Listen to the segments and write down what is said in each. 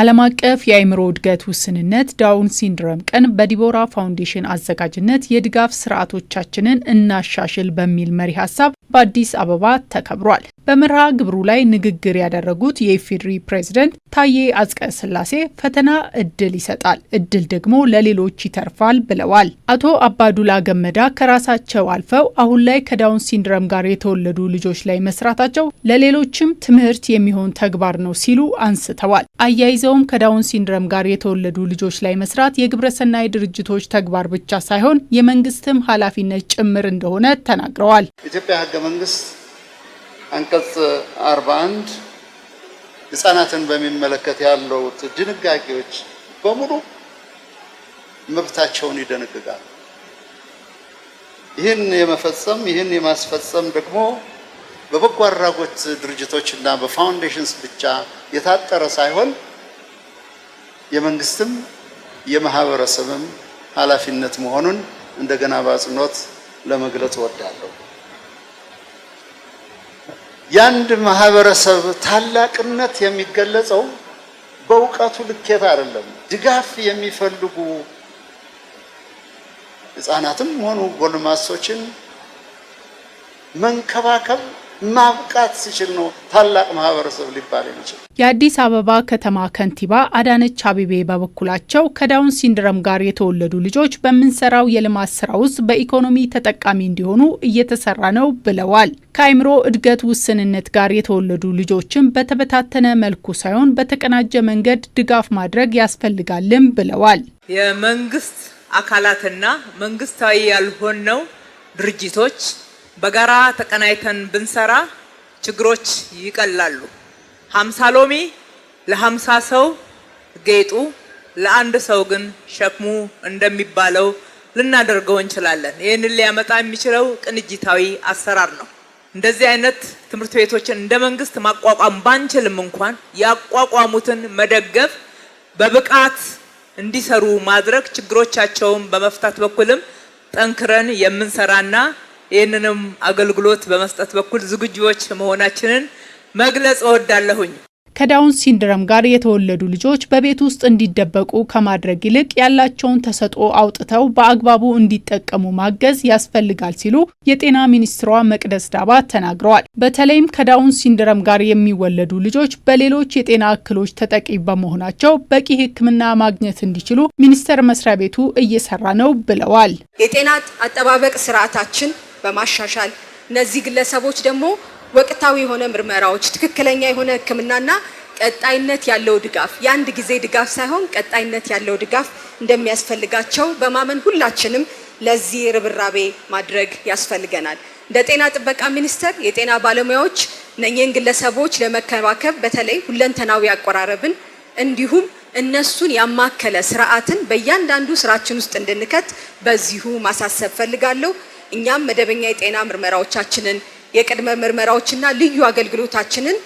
ዓለም አቀፍ የአእምሮ እድገት ውስንነት ዳውን ሲንድረም ቀን በዲቦራ ፋውንዴሽን አዘጋጅነት የድጋፍ ስርዓቶቻችንን እናሻሽል በሚል መሪ ሀሳብ በአዲስ አበባ ተከብሯል። በመርሃ ግብሩ ላይ ንግግር ያደረጉት የኢፌዴሪ ፕሬዝደንት ታዬ አጽቀ ሥላሴ ፈተና እድል ይሰጣል፣ እድል ደግሞ ለሌሎች ይተርፋል ብለዋል። አቶ አባዱላ ገመዳ ከራሳቸው አልፈው አሁን ላይ ከዳውን ሲንድረም ጋር የተወለዱ ልጆች ላይ መስራታቸው ለሌሎችም ትምህርት የሚሆን ተግባር ነው ሲሉ አንስተዋል። አያይዘውም ከዳውን ሲንድረም ጋር የተወለዱ ልጆች ላይ መስራት የግብረሰናይ ድርጅቶች ተግባር ብቻ ሳይሆን የመንግስትም ኃላፊነት ጭምር እንደሆነ ተናግረዋል። መንግስት አንቀጽ 41 ህፃናትን በሚመለከት ያሉት ድንጋጌዎች በሙሉ መብታቸውን ይደነግጋል። ይህን የመፈጸም ይህን የማስፈጸም ደግሞ በበጎ አድራጎት ድርጅቶች እና በፋውንዴሽንስ ብቻ የታጠረ ሳይሆን የመንግስትም የማህበረሰብም ኃላፊነት መሆኑን እንደገና በአጽንኦት ለመግለጽ እወዳለሁ። የአንድ ማህበረሰብ ታላቅነት የሚገለጸው በእውቀቱ ልኬት አይደለም። ድጋፍ የሚፈልጉ ህጻናትም ሆኑ ጎልማሶችን መንከባከብ ማብቃት ሲችል ነው ታላቅ ማህበረሰብ ሊባል የሚችል። የአዲስ አበባ ከተማ ከንቲባ አዳነች አቤቤ በበኩላቸው ከዳውን ሲንድረም ጋር የተወለዱ ልጆች በምንሰራው የልማት ስራ ውስጥ በኢኮኖሚ ተጠቃሚ እንዲሆኑ እየተሰራ ነው ብለዋል። ከአይምሮ እድገት ውስንነት ጋር የተወለዱ ልጆችን በተበታተነ መልኩ ሳይሆን በተቀናጀ መንገድ ድጋፍ ማድረግ ያስፈልጋልም ብለዋል። የመንግስት አካላትና መንግስታዊ ያልሆነው ድርጅቶች በጋራ ተቀናይተን ብንሰራ ችግሮች ይቀላሉ። ሀምሳ ሎሚ ለሀምሳ ሰው ጌጡ፣ ለአንድ ሰው ግን ሸክሙ እንደሚባለው ልናደርገው እንችላለን። ይህንን ሊያመጣ የሚችለው ቅንጅታዊ አሰራር ነው። እንደዚህ አይነት ትምህርት ቤቶችን እንደ መንግስት ማቋቋም ባንችልም እንኳን ያቋቋሙትን መደገፍ፣ በብቃት እንዲሰሩ ማድረግ፣ ችግሮቻቸውን በመፍታት በኩልም ጠንክረን የምንሰራና ይህንንም አገልግሎት በመስጠት በኩል ዝግጁዎች መሆናችንን መግለጽ እወዳለሁኝ። ከዳውን ሲንድረም ጋር የተወለዱ ልጆች በቤት ውስጥ እንዲደበቁ ከማድረግ ይልቅ ያላቸውን ተሰጥኦ አውጥተው በአግባቡ እንዲጠቀሙ ማገዝ ያስፈልጋል ሲሉ የጤና ሚኒስትሯ መቅደስ ዳባ ተናግረዋል። በተለይም ከዳውን ሲንድረም ጋር የሚወለዱ ልጆች በሌሎች የጤና እክሎች ተጠቂ በመሆናቸው በቂ ሕክምና ማግኘት እንዲችሉ ሚኒስቴር መስሪያ ቤቱ እየሰራ ነው ብለዋል። የጤና አጠባበቅ ስርዓታችን በማሻሻል እነዚህ ግለሰቦች ደግሞ ወቅታዊ የሆነ ምርመራዎች፣ ትክክለኛ የሆነ ሕክምናና ቀጣይነት ያለው ድጋፍ የአንድ ጊዜ ድጋፍ ሳይሆን ቀጣይነት ያለው ድጋፍ እንደሚያስፈልጋቸው በማመን ሁላችንም ለዚህ ርብራቤ ማድረግ ያስፈልገናል። እንደ ጤና ጥበቃ ሚኒስቴር የጤና ባለሙያዎች እነኚህን ግለሰቦች ለመከባከብ በተለይ ሁለንተናዊ አቆራረብን እንዲሁም እነሱን ያማከለ ስርዓትን በእያንዳንዱ ስራችን ውስጥ እንድንከት በዚሁ ማሳሰብ ፈልጋለሁ። እኛም መደበኛ የጤና ምርመራዎቻችንን የቅድመ ምርመራዎችና ልዩ አገልግሎታችንን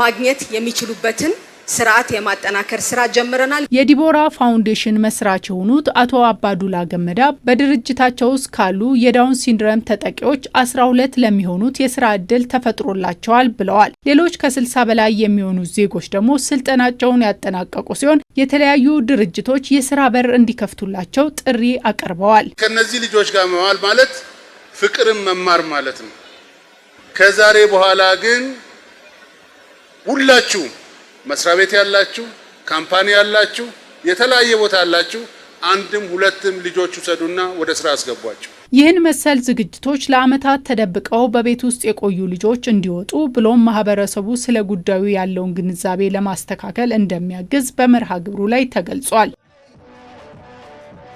ማግኘት የሚችሉበትን ስርዓት የማጠናከር ስራ ጀምረናል። የዲቦራ ፋውንዴሽን መስራች የሆኑት አቶ አባዱላ ገመዳ በድርጅታቸው ውስጥ ካሉ የዳውን ሲንድረም ተጠቂዎች 12 ለሚሆኑት የስራ እድል ተፈጥሮላቸዋል ብለዋል። ሌሎች ከ60 በላይ የሚሆኑት ዜጎች ደግሞ ስልጠናቸውን ያጠናቀቁ ሲሆን የተለያዩ ድርጅቶች የስራ በር እንዲከፍቱላቸው ጥሪ አቅርበዋል። ከነዚህ ልጆች ጋር መዋል ማለት ፍቅርን መማር ማለት ነው። ከዛሬ በኋላ ግን ሁላችሁ መስሪያ ቤት ያላችሁ፣ ካምፓኒ ያላችሁ፣ የተለያየ ቦታ ያላችሁ አንድም ሁለትም ልጆች ውሰዱና ወደ ስራ አስገቧቸው። ይህን መሰል ዝግጅቶች ለአመታት ተደብቀው በቤት ውስጥ የቆዩ ልጆች እንዲወጡ ብሎም ማህበረሰቡ ስለ ጉዳዩ ያለውን ግንዛቤ ለማስተካከል እንደሚያግዝ በመርሃ ግብሩ ላይ ተገልጿል።